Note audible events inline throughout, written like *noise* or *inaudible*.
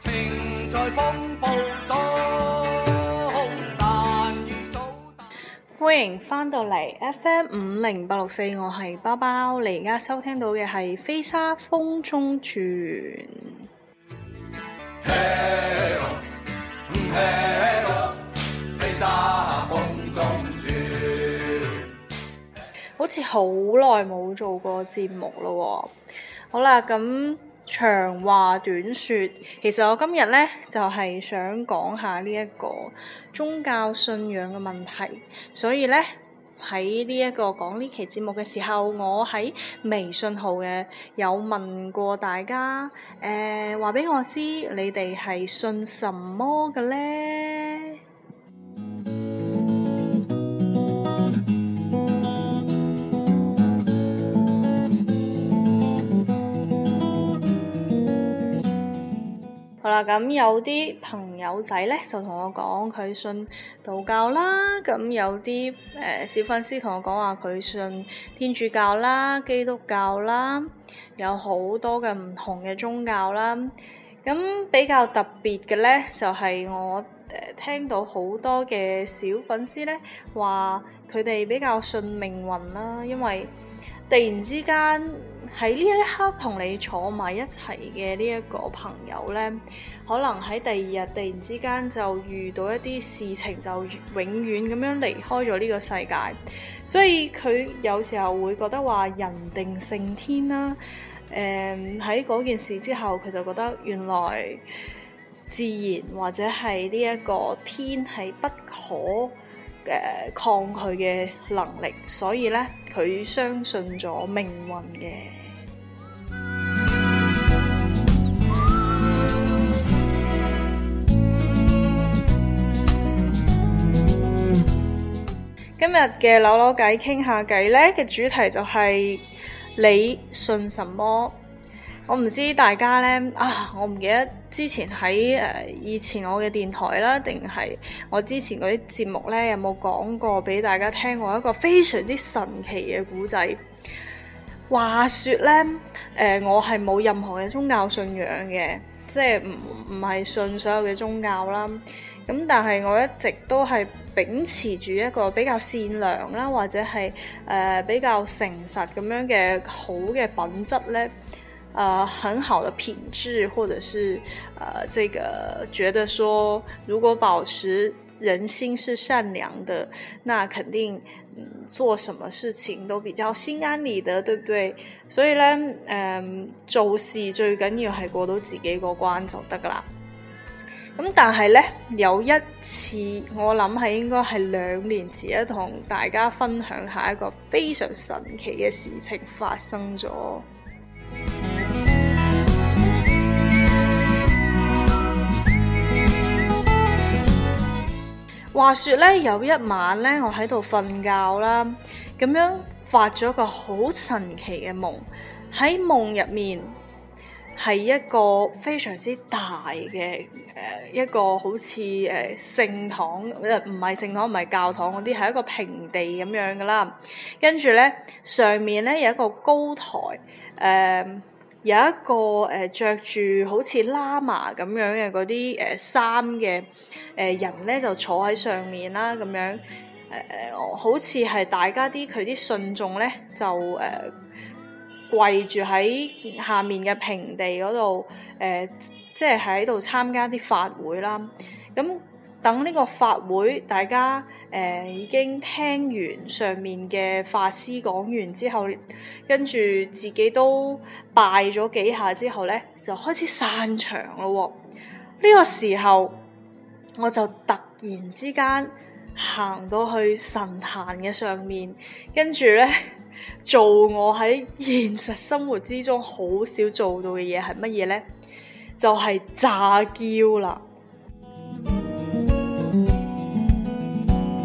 歡迎翻到嚟 FM 五零八六四，我係包包，你而家收聽到嘅係《飛沙風中傳》。好似好耐冇做過節目咯，好啦，咁。長話短説，其實我今日咧就係想講下呢一個宗教信仰嘅問題，所以咧喺呢一個講呢期節目嘅時候，我喺微信號嘅有問過大家，誒話俾我知你哋係信什麼嘅咧？咁有啲朋友仔咧就同我講佢信道教啦，咁有啲誒小粉絲同我講，話佢信天主教啦、基督教啦，有好多嘅唔同嘅宗教啦。咁比較特別嘅咧，就係我誒聽到好多嘅小粉絲咧話佢哋比較信命運啦，因為突然之間喺呢一刻同你坐埋一齊嘅呢一個朋友咧。可能喺第二日突然之間就遇到一啲事情，就永遠咁樣離開咗呢個世界，所以佢有時候會覺得話人定勝天啦，啊嗯。誒喺嗰件事之後，佢就覺得原來自然或者係呢一個天係不可誒抗拒嘅能力，所以呢，佢相信咗命運嘅。今日嘅扭扭計傾下計呢，嘅主題就係、是、你信什麼？我唔知大家呢，啊，我唔記得之前喺誒、呃、以前我嘅電台啦，定係我之前嗰啲節目呢，有冇講過俾大家聽過一個非常之神奇嘅古仔。話說呢，誒、呃，我係冇任何嘅宗教信仰嘅，即係唔唔係信所有嘅宗教啦。咁但係我一直都係秉持住一個比較善良啦，或者係誒、呃、比較誠實咁樣嘅好嘅品質咧，誒、呃、很好嘅品質，或者是誒、呃、這個覺得說，如果保持人心是善良的，那肯定嗯做什麼事情都比較心安理得，對不對？所以咧，嗯、呃、做事最緊要係過到自己個關就得㗎喇。咁但係呢，有一次，我諗係應該係兩年前，一同大家分享下一個非常神奇嘅事情發生咗。話說呢，有一晚呢，我喺度瞓覺啦，咁樣發咗個好神奇嘅夢，喺夢入面，係一個非常之大嘅誒、呃、一個好似誒聖堂，唔唔係聖堂，唔係教堂嗰啲，係一個平地咁樣㗎喇。跟住咧，上面咧有一個高台，誒、呃、有一個誒著住好似喇嘛咁樣嘅嗰啲誒衫嘅誒人咧，就坐喺上面啦咁樣，誒、呃、好似係大家啲佢啲信眾咧就誒，呃跪住喺下面嘅平地嗰度，誒、呃、即係喺度參加啲法會啦。咁等呢個法會大家誒、呃、已經聽完上面嘅法師講完之後，跟住自己都拜咗幾下之後咧，就開始散場咯。哦。呢，呢個時候我就突然之間行到去神壇嘅上面，跟住咧，做我喺現實生活之中好少做到嘅嘢係乜嘢呢？就係詐嬌啦！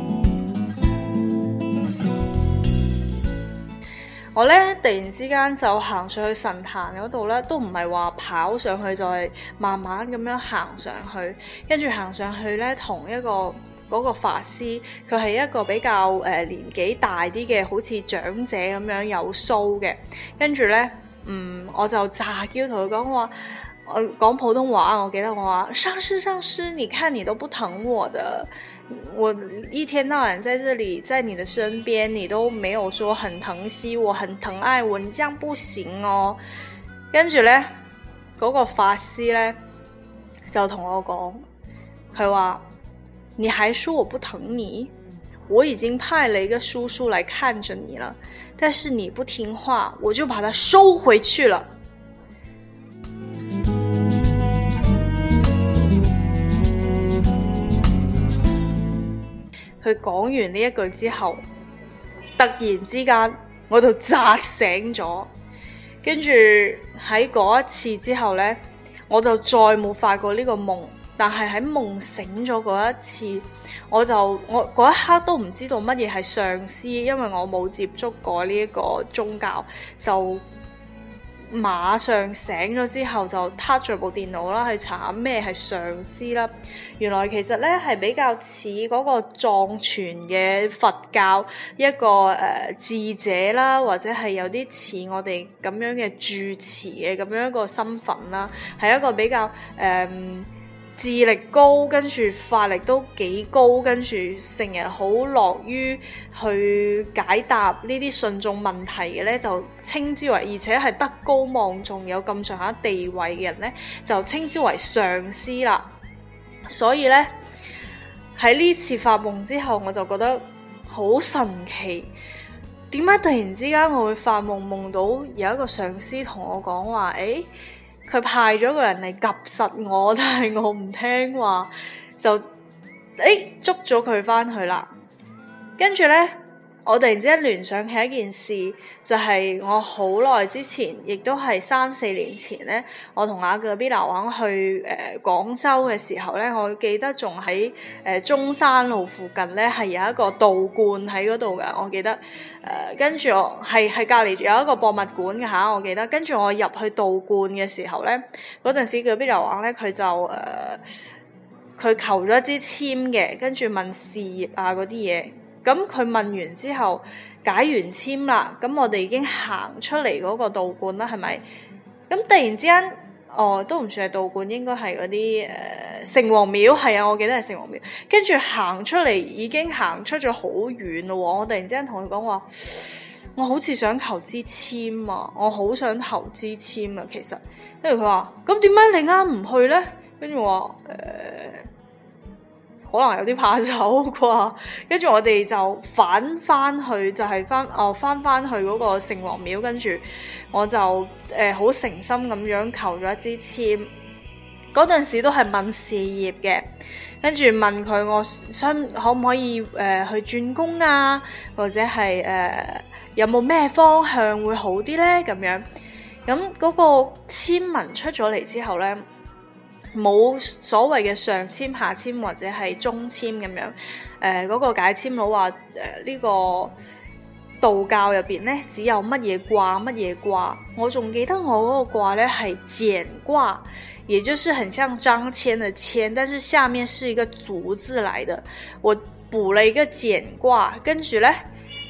*noise* 我咧突然之間就行上去神壇嗰度咧，都唔係話跑上去，就係、是、慢慢咁樣行上去，跟住行上去咧同一個。嗰個法師，佢係一個比較誒、呃、年紀大啲嘅，好似長者咁樣有鬚嘅。跟住咧，嗯，我就詐嬌同佢講話，誒、呃、講普通話，我記得我話上師上師，你看你都不疼我的，我一天到晚在這裏，在你的身邊，你都沒有說很疼惜我，很疼愛我，你這樣不行哦。跟住咧，嗰、那個法師咧就同我講，佢話。你還說我不疼你？我已經派了一個叔叔來看着你了，但是你不聽話，我就把他收回去了。佢講 *music* 完呢一句之後，突然之間我就扎醒咗，跟住喺嗰一次之後呢，我就再冇發過呢個夢。但係喺夢醒咗嗰一次，我就我嗰一刻都唔知道乜嘢係上師，因為我冇接觸過呢一個宗教，就馬上醒咗之後就撻咗部電腦啦，去查咩係上師啦。原來其實咧係比較似嗰個藏傳嘅佛教一個誒、uh, 智者啦，或者係有啲似我哋咁樣嘅住持嘅咁樣一個身份啦，係一個比較誒。Um, 智力高，跟住法力都幾高，跟住成日好樂於去解答呢啲信眾問題嘅咧，就稱之為，而且係德高望重、有咁上下地位嘅人咧，就稱之為上司啦。所以呢，喺呢次發夢之後，我就覺得好神奇，點解突然之間我會發夢夢到有一個上司同我講話？誒、哎？佢派咗個人嚟夾實我，但係我唔聽話，就誒、欸、捉咗佢返去啦。跟住咧。我突然之間聯想起一件事，就係、是、我好耐之前，亦都係三四年前咧，我同隔壁老王去誒、呃、廣州嘅時候咧，我記得仲喺誒中山路附近咧，係有一個道觀喺嗰度㗎，我記得。誒、呃、跟住我係係隔離有一個博物館嘅嚇，我記得。跟住我入去道觀嘅時候咧，嗰陣時隔壁老王咧佢就誒，佢、呃、求咗一支籤嘅，跟住問事業啊嗰啲嘢。咁佢問完之後解完簽啦，咁我哋已經行出嚟嗰個道觀啦，係咪？咁突然之間，哦，都唔算係道觀，應該係嗰啲誒城隍廟，係啊，我記得係城隍廟。跟住行出嚟已經行出咗好遠咯，我突然之間同佢講話，我好似想投資簽啊，我好想投資簽啊，其實。跟住佢話：咁點解你啱唔去咧？跟住我話，呃可能有啲怕醜啩，跟住我哋就返翻去，就係、是、翻哦，翻翻去嗰個城隍廟，跟住我就誒好誠心咁樣求咗一支籤。嗰陣時都係問事業嘅，跟住問佢我想可唔可以誒、呃、去轉工啊，或者係誒、呃、有冇咩方向會好啲咧咁樣。咁、那、嗰個籤文出咗嚟之後咧。冇所謂嘅上簽、下簽或者係中簽咁樣，誒、呃、嗰、那個解簽佬話誒，呢個道教入邊咧，只有乜嘢卦乜嘢卦，我仲記得我嗰個卦咧，係剪卦，也就是很像張簽的簽，但是下面是一個組字嚟嘅。我補了一個剪卦。跟住咧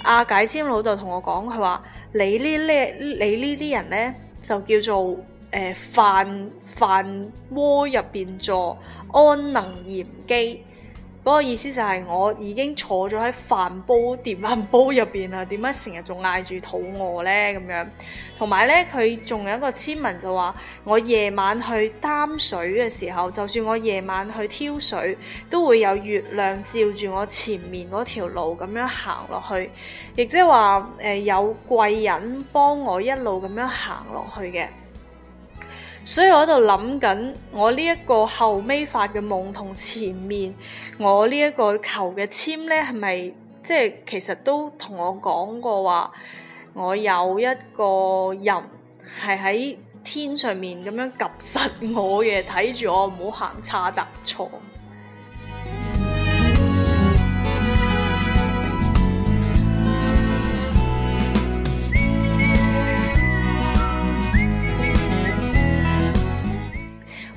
阿解簽佬就同我講，佢話，你，你呢呢你呢啲人咧就叫做。誒、呃、飯飯鍋入邊坐安能嚴機嗰個意思就係我已經坐咗喺飯煲電飯煲入邊啦。點解成日仲嗌住肚餓呢？咁樣同埋呢，佢仲有一個簽文就話：我夜晚去擔水嘅時候，就算我夜晚去挑水，都會有月亮照住我前面嗰條路咁樣行落去，亦即係話誒有貴人幫我一路咁樣行落去嘅。所以我喺度諗緊，我呢一個後尾發嘅夢同前面我呢一個求嘅簽咧，係咪即係其實都同我講過話，我有一個人係喺天上面咁樣及實我嘅，睇住我唔好行差踏錯。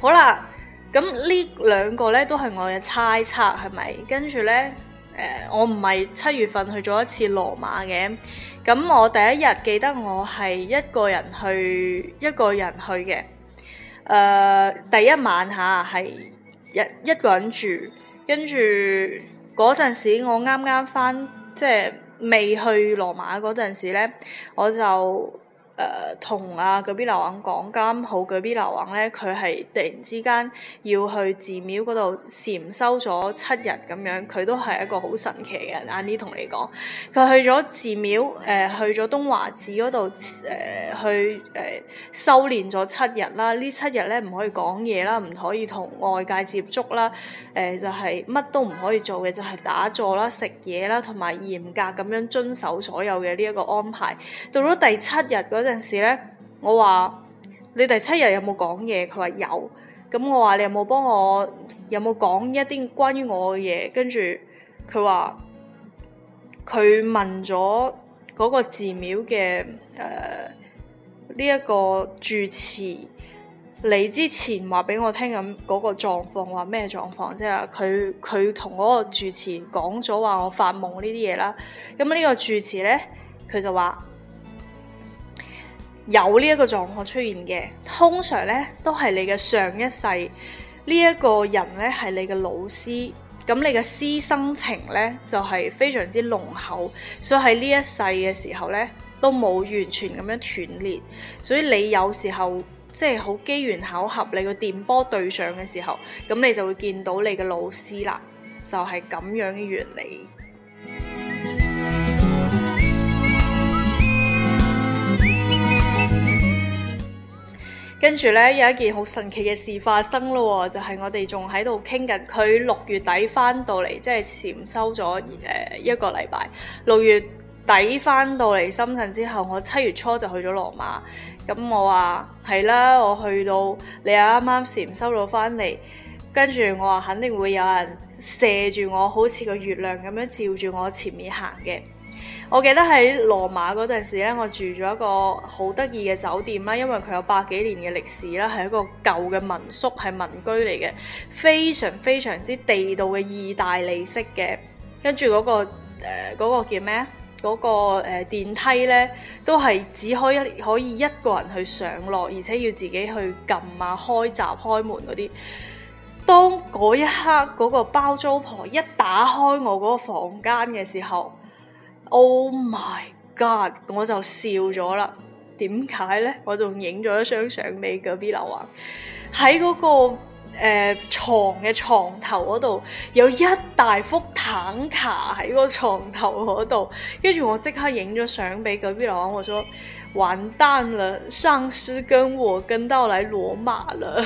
好啦，咁呢兩個呢都係我嘅猜測，係咪？跟住呢，誒、呃，我唔係七月份去咗一次羅馬嘅，咁我第一日記得我係一個人去，一個人去嘅，誒、呃，第一晚吓係一一個人住，跟住嗰陣時我啱啱返，即係未去羅馬嗰陣時呢，我就。誒同、呃、啊嗰邊劉昂講咁好，嗰邊劉昂咧佢，係突然之間要去寺廟嗰度禪修咗七日咁樣，佢都係一個好神奇嘅人。Annie 同你講，佢去咗寺廟誒、呃、去咗東華寺嗰度，誒、呃、去誒、呃、修煉咗七日啦。七呢七日咧唔可以講嘢啦，唔可以同外界接觸啦，誒、呃、就係、是、乜都唔可以做嘅，就係、是、打坐啦、食嘢啦，同埋嚴格咁樣遵守所有嘅呢一個安排。到咗第七日嗰嗰陣時咧，我話你第七日有冇講嘢？佢話有。咁我話你有冇幫我有冇講一啲關於我嘅嘢？跟住佢話佢問咗嗰個寺廟嘅誒呢一個住持嚟之前話俾我聽咁嗰個狀況，話咩狀況？即係佢佢同嗰個住持講咗話我發夢呢啲嘢啦。咁呢個住持咧，佢就話。有呢一個狀況出現嘅，通常呢都係你嘅上一世呢一個人呢係你嘅老師，咁你嘅師生情呢就係非常之濃厚，所以喺呢一世嘅時候呢，都冇完全咁樣斷裂，所以你有時候即係好機緣巧合，你個電波對上嘅時候，咁你就會見到你嘅老師啦，就係咁樣嘅原理。跟住呢，有一件好神奇嘅事發生咯、哦，就係、是、我哋仲喺度傾緊佢六月底翻到嚟，即係禪修咗誒一個禮拜。六月底翻到嚟深圳之後，我七月初就去咗羅馬。咁、嗯、我話係啦，我去到你又啱啱禪修咗翻嚟，跟住我話肯定會有人射住我，好似個月亮咁樣照住我前面行嘅。我記得喺羅馬嗰陣時咧，我住咗一個好得意嘅酒店啦，因為佢有百幾年嘅歷史啦，係一個舊嘅民宿，係民居嚟嘅，非常非常之地道嘅意大利式嘅。跟住嗰個誒、呃嗰個、叫咩啊？嗰、嗰個、呃、電梯咧，都係只開一可以一個人去上落，而且要自己去撳啊開閘開門嗰啲。當嗰一刻嗰、嗰個包租婆一打開我嗰個房間嘅時候，Oh my god！我就笑咗啦，點解咧？我仲影咗一張相俾隔壁老王喺嗰個、呃、床嘅床頭嗰度有一大幅坦卡喺個床頭嗰度，跟住我即刻影咗相俾隔壁老王。我說完蛋了，喪屍跟我跟到嚟羅馬了。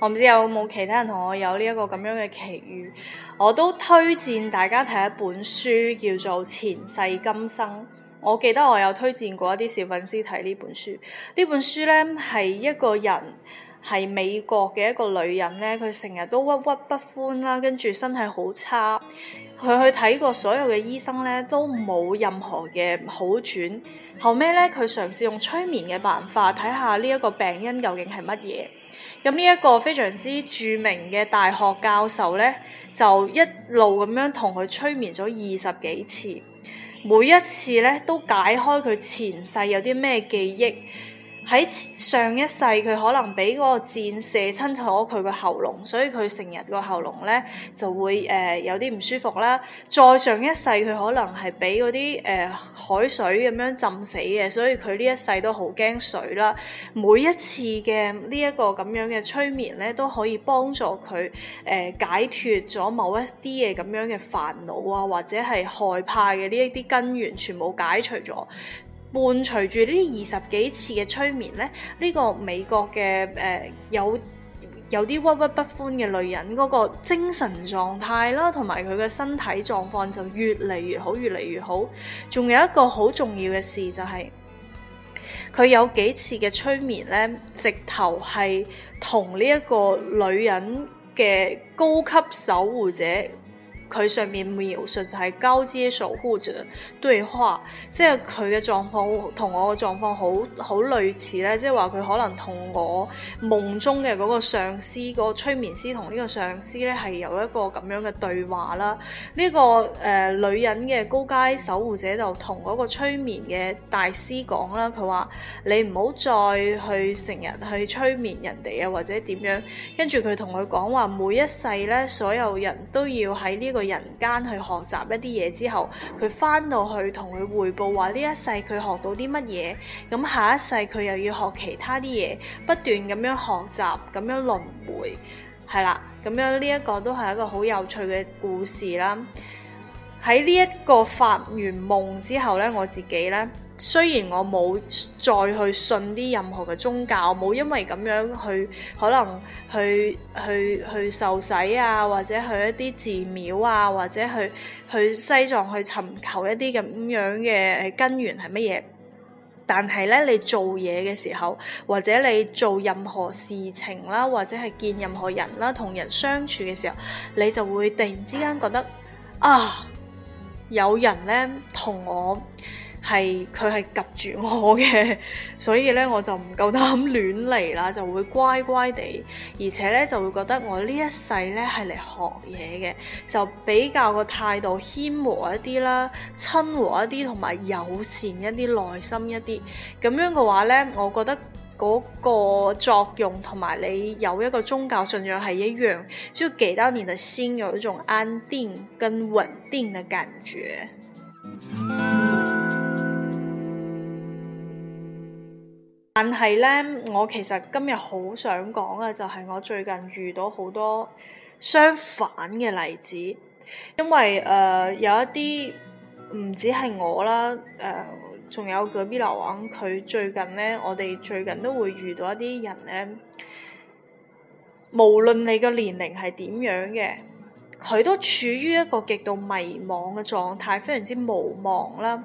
我唔知有冇其他人同我有呢一個咁樣嘅奇遇，我都推薦大家睇一本書叫做《前世今生》。我記得我有推薦過一啲小粉絲睇呢本書，呢本書呢，係一個人。係美國嘅一個女人咧，佢成日都鬱鬱不歡啦，跟住身體好差，佢去睇過所有嘅醫生咧，都冇任何嘅好轉。後尾咧，佢嘗試用催眠嘅辦法睇下呢一個病因究竟係乜嘢。咁呢一個非常之著名嘅大學教授咧，就一路咁樣同佢催眠咗二十幾次，每一次咧都解開佢前世有啲咩記憶。喺上一世佢可能俾嗰個箭射親咗佢個喉嚨，所以佢成日個喉嚨咧就會誒、呃、有啲唔舒服啦。再上一世佢可能係俾嗰啲誒海水咁樣浸死嘅，所以佢呢一世都好驚水啦。每一次嘅呢一個咁樣嘅催眠咧，都可以幫助佢誒、呃、解脫咗某一啲嘅咁樣嘅煩惱啊，或者係害怕嘅呢一啲根源全部解除咗。伴隨住呢二十幾次嘅催眠咧，呢、這個美國嘅誒、呃、有有啲鬱鬱不歡嘅女人嗰、那個精神狀態啦，同埋佢嘅身體狀況就越嚟越好，越嚟越好。仲有一個好重要嘅事就係、是，佢有幾次嘅催眠呢，直頭係同呢一個女人嘅高級守護者。佢上面描述就係、是、高階守護者對話，即係佢嘅狀況同我嘅狀況好好類似咧，即係話佢可能同我夢中嘅個上司，個催眠師同呢個上司咧係有一個咁樣嘅對話啦。呢、這個誒、呃、女人嘅高階守護者就同個催眠嘅大師講啦，佢話你唔好再去成日去催眠人哋啊，或者點樣跟住佢同佢講話，說說每一世咧，所有人都要喺呢、這個。去人間去學習一啲嘢之後，佢翻到去同佢匯報話呢一世佢學到啲乜嘢，咁下一世佢又要學其他啲嘢，不斷咁樣學習，咁樣輪迴，係啦，咁樣呢一個都係一個好有趣嘅故事啦。喺呢一個發完夢之後咧，我自己咧。雖然我冇再去信啲任何嘅宗教，冇因為咁樣去可能去去去受洗啊，或者去一啲寺廟啊，或者去去西藏去尋求一啲咁樣嘅根源係乜嘢。但係咧，你做嘢嘅時候，或者你做任何事情啦，或者係見任何人啦，同人相處嘅時候，你就會突然之間覺得啊，有人咧同我。係佢係及住我嘅，所以咧我就唔夠膽亂嚟啦，就會乖乖地，而且咧就會覺得我呢一世咧係嚟學嘢嘅，就比較個態度謙和一啲啦，親和一啲，同埋友善一啲，耐心一啲。咁樣嘅話咧，我覺得嗰個作用同埋你有一個宗教信仰係一樣，需要幾多年就先有一種安定跟穩定嘅感覺。但係咧，我其實今日好想講嘅就係我最近遇到好多相反嘅例子，因為誒、呃、有一啲唔止係我啦，誒、呃、仲有個 Billa 王，佢最近咧，我哋最近都會遇到一啲人咧，無論你嘅年齡係點樣嘅，佢都處於一個極度迷茫嘅狀態，非常之無望啦。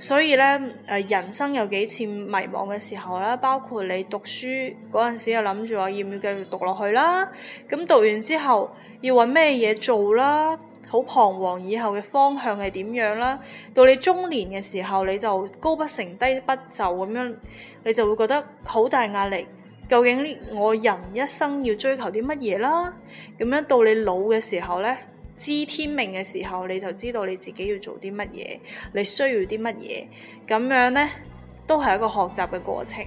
所以咧，誒、呃、人生有幾次迷茫嘅時候啦，包括你讀書嗰陣時又諗住話要唔要繼續讀落去啦，咁讀完之後要揾咩嘢做啦，好彷徨以後嘅方向係點樣啦，到你中年嘅時候你就高不成低不就咁樣，你就會覺得好大壓力。究竟我人一生要追求啲乜嘢啦？咁樣到你老嘅時候咧？知天命嘅時候，你就知道你自己要做啲乜嘢，你需要啲乜嘢，咁樣呢，都係一個學習嘅過程。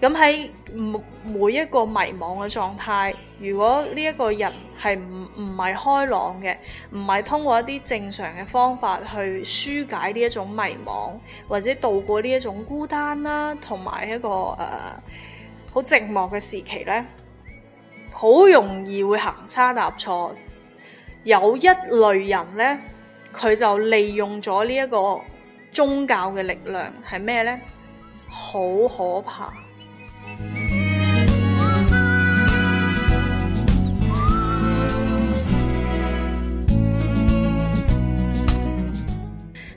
咁喺每，每一個迷茫嘅狀態，如果呢一個人係唔唔係開朗嘅，唔係通過一啲正常嘅方法去紓解呢一種迷茫，或者度過呢一種孤單啦，同埋一個誒好、uh, 寂寞嘅時期呢，好容易會行差踏錯。有一類人咧，佢就利用咗呢一個宗教嘅力量，係咩咧？好可怕！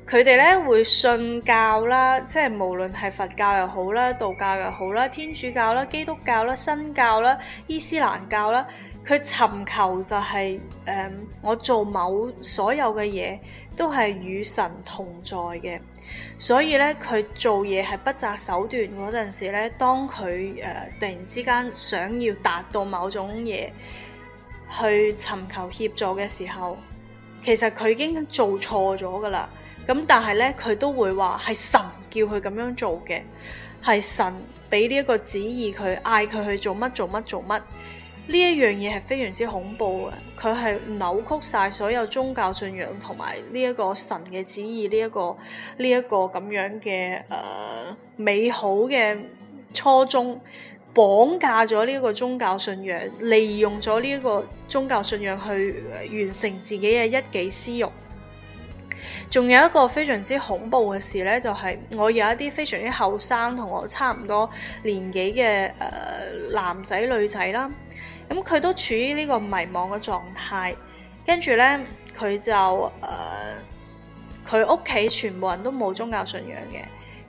佢哋咧會信教啦，即係無論係佛教又好啦、道教又好啦、天主教啦、基督教啦、新教啦、伊斯蘭教啦。佢尋求就係、是、誒、呃，我做某所有嘅嘢都係與神同在嘅，所以咧佢做嘢係不擇手段嗰陣時咧，當佢誒、呃、突然之間想要達到某種嘢去尋求協助嘅時候，其實佢已經做錯咗噶啦。咁但係咧，佢都會話係神叫佢咁樣做嘅，係神俾呢一個旨意佢，嗌佢去做乜做乜做乜。呢一樣嘢係非常之恐怖嘅，佢係扭曲晒所有宗教信仰同埋呢一個神嘅旨意，呢、這、一個呢一、這個咁樣嘅誒、呃、美好嘅初衷，綁架咗呢一個宗教信仰，利用咗呢一個宗教信仰去完成自己嘅一己私欲。仲有一個非常之恐怖嘅事呢，就係、是、我有一啲非常之後生同我差唔多年紀嘅誒男仔女仔啦。咁佢都處於呢個迷茫嘅狀態，跟住呢，佢就誒，佢屋企全部人都冇宗教信仰嘅，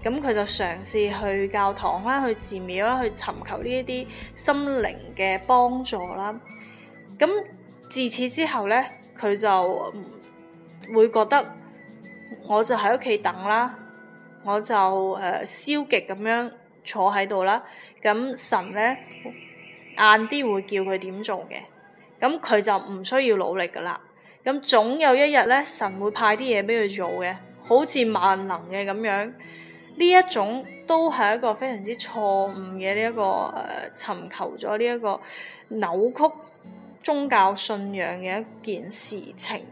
咁佢就嘗試去教堂啦、去寺廟啦、去尋求呢一啲心靈嘅幫助啦。咁自此之後呢，佢就、呃、會覺得我就喺屋企等啦，我就誒、呃、消極咁樣坐喺度啦。咁神呢。晏啲會叫佢點做嘅，咁佢就唔需要努力噶啦。咁總有一日咧，神會派啲嘢俾佢做嘅，好似萬能嘅咁樣。呢一種都係一個非常之錯誤嘅呢一個誒，尋求咗呢一個扭曲宗教信仰嘅一件事情。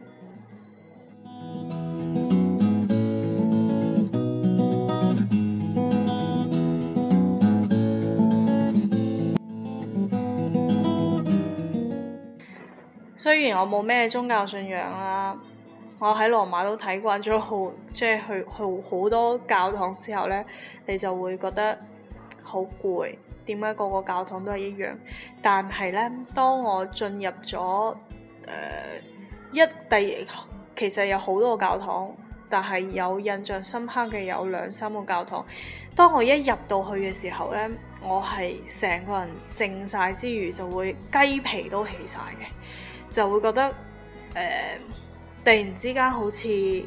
雖然我冇咩宗教信仰啦，我喺羅馬都睇慣咗好，即係去、去好多教堂之後呢，你就會覺得好攰。點解個個教堂都係一樣？但係呢，當我進入咗誒、呃、一第，其實有好多個教堂，但係有印象深刻嘅有兩三個教堂。當我一入到去嘅時候呢，我係成個人靜晒之餘，就會雞皮都起晒嘅。就會覺得誒、呃、突然之間好似誒、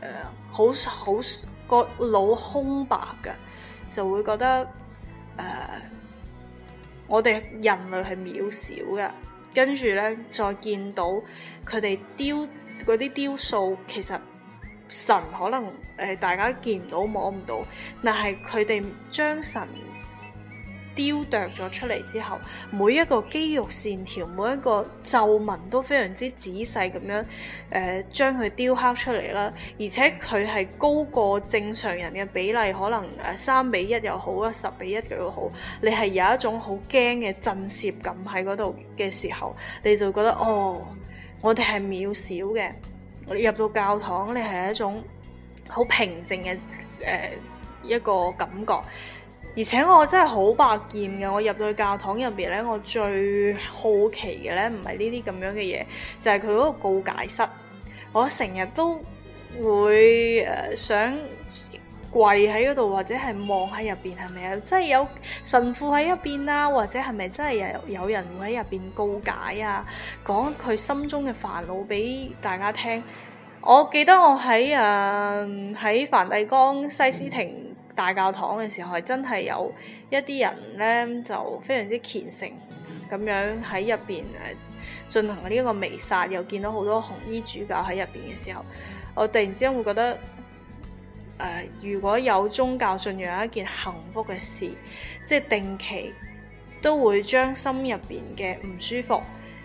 呃、好好個腦空白嘅，就會覺得誒、呃、我哋人類係渺小嘅，跟住咧再見到佢哋雕嗰啲雕塑，其實神可能誒、呃、大家見唔到摸唔到，但係佢哋將神雕琢咗出嚟之後，每一個肌肉線條、每一個皺紋都非常之仔細咁樣，誒將佢雕刻出嚟啦。而且佢係高過正常人嘅比例，可能誒三比一又好啦，十比一又好。你係有一種好驚嘅震懾感喺嗰度嘅時候，你就覺得哦，我哋係渺小嘅。入到教堂，你係一種好平靜嘅誒一個感覺。而且我真係好百厭嘅，我入到教堂入邊咧，我最好奇嘅咧，唔係呢啲咁樣嘅嘢，就係佢嗰個告解室。我成日都會誒想跪喺嗰度，或者係望喺入邊，係咪啊？即係有神父喺入邊啊，或者係咪真係有有人會喺入邊告解啊，講佢心中嘅煩惱俾大家聽？我記得我喺誒喺梵蒂岡西斯廷嗯大教堂嘅時候係真係有一啲人咧，就非常之虔誠，咁樣喺入邊誒進行呢一個彌撒，又見到好多紅衣主教喺入邊嘅時候，我突然之間會覺得誒、呃、如果有宗教信仰一件幸福嘅事，即係定期都會將心入邊嘅唔舒服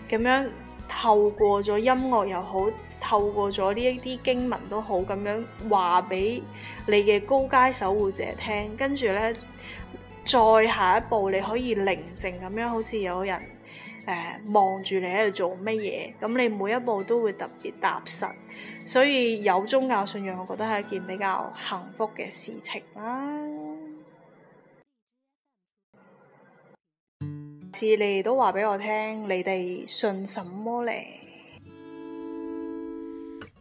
咁樣透過咗音樂又好。透過咗呢一啲經文都好，咁樣話俾你嘅高階守護者聽，跟住呢，再下一步，你可以寧靜咁樣，好似有人誒、呃、望住你喺度做乜嘢，咁你每一步都會特別踏實。所以有宗教信仰，我覺得係一件比較幸福嘅事情啦。是， *music* 你哋都話俾我聽，你哋信什麼呢？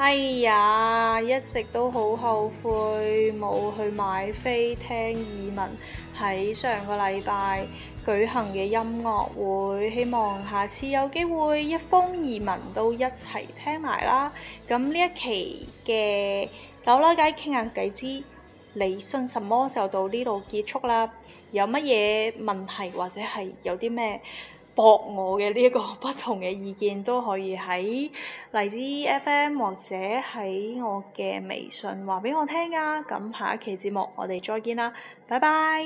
哎呀，一直都好後悔冇去買飛聽移民。喺上個禮拜舉行嘅音樂會，希望下次有機會一風而聞都一齊聽埋啦。咁呢一期嘅扭扭計傾下計之你信什麼就到呢度結束啦。有乜嘢問題或者係有啲咩駁我嘅呢一個不同嘅意見都可以喺荔枝 FM 或者喺我嘅微信話畀我聽啊！咁下一期節目我哋再見啦，拜拜。